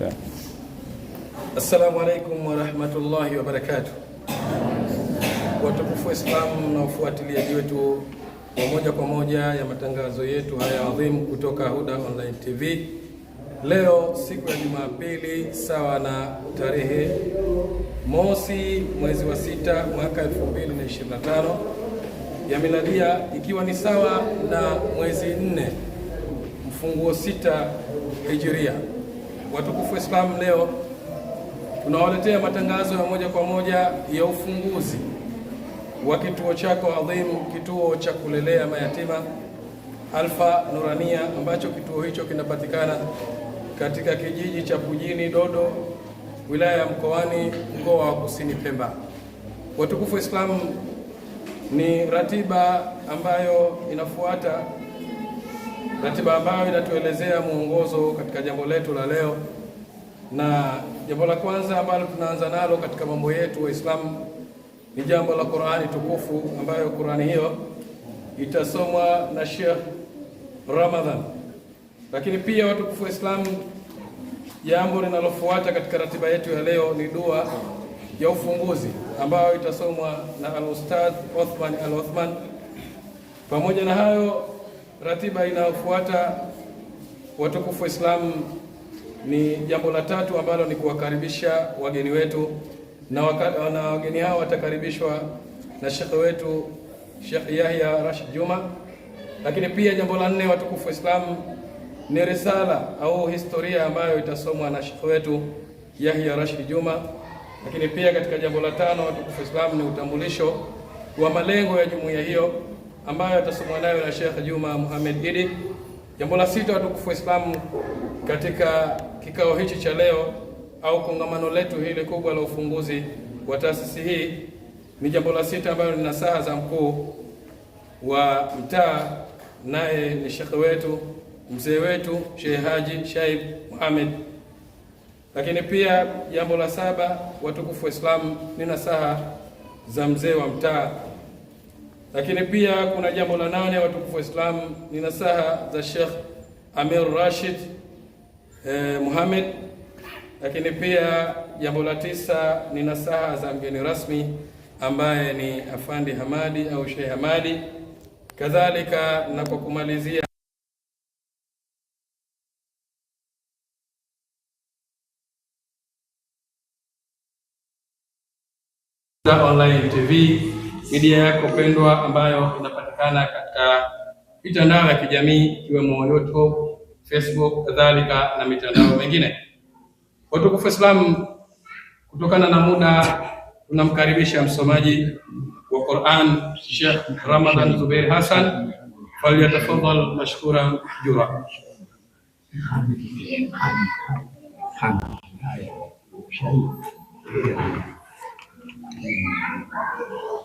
Yeah. Assalamu alaikum warahmatullahi wabarakatuh. Watukufu Waislamu na ufuatiliaji wetu wa moja kwa moja ya matangazo yetu haya adhimu kutoka Huda Online TV. Leo siku ya Jumapili sawa na tarehe mosi mwezi wa sita mwaka 2025 ya miladia, ikiwa ni sawa na mwezi nne mfunguo sita hijiria. Watukufu Waislamu, leo tunawaletea matangazo ya moja kwa moja ya ufunguzi wa kituo chako adhimu, kituo cha kulelea mayatima Alfa Nurania, ambacho kituo hicho kinapatikana katika kijiji cha Pujini Dodo, wilaya ya Mkoani, mkoa wa Kusini Pemba. Watukufu Waislamu, ni ratiba ambayo inafuata Ratiba ambayo inatuelezea mwongozo katika jambo letu la leo, na jambo la kwanza ambalo tunaanza nalo katika mambo yetu Waislamu ni jambo la Qur'ani tukufu, ambayo Qur'ani hiyo itasomwa na Sheikh Ramadhan. Lakini pia watukufu Waislamu, jambo linalofuata katika ratiba yetu ya leo ni dua ya ufunguzi ambayo itasomwa na Al-Ustadh Othman Al-Othman. Pamoja na hayo Ratiba inayofuata watukufu Waislamu ni jambo la tatu ambalo ni kuwakaribisha wageni wetu na, waka, na wageni hao watakaribishwa na shekhe wetu Sheikh Yahya Rashid Juma. Lakini pia jambo la nne watukufu Waislamu ni risala au historia ambayo itasomwa na shekhe wetu Yahya Rashid Juma. Lakini pia katika jambo la tano watukufu Waislamu ni utambulisho wa malengo ya jumuiya hiyo ambayo atasomwa nayo na Sheikh Juma Muhammad Idi. Jambo la sita, watukufu islamu katika kikao hichi cha leo au kongamano letu hili kubwa la ufunguzi wa taasisi hii, ni jambo la sita ambalo ni nasaha za mkuu wa mtaa, naye ni shekhe wetu mzee wetu Sheikh Haji Shaib Muhammad. Lakini pia jambo la saba, watukufu islam ni nasaha za mzee wa mtaa lakini pia kuna jambo la nane, watukufu wa Islam, ni nasaha za Sheikh Amir Rashid eh, Muhammad. Lakini pia jambo la tisa ni nasaha za mgeni rasmi ambaye ni Afandi Hamadi au Sheikh Hamadi. Kadhalika na kwa kumalizia online TV media yako pendwa ambayo inapatikana katika mitandao ya kijamii ikiwemo YouTube, Facebook kadhalika na mitandao mingine. Watukufu Islam, kutokana na muda tunamkaribisha msomaji wa Qur'an Sheikh Ramadan Zubair Hassan, falyatafadhal mashkura jura.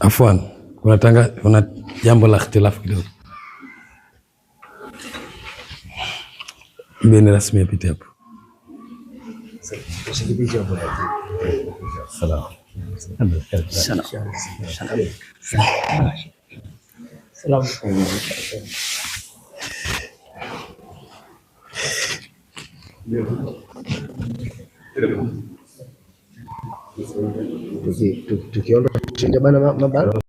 Afwan, kuna tanga, kuna jambo la ikhtilafu kidogo. Mgeni rasmi apite hapo. Tukiona vais bana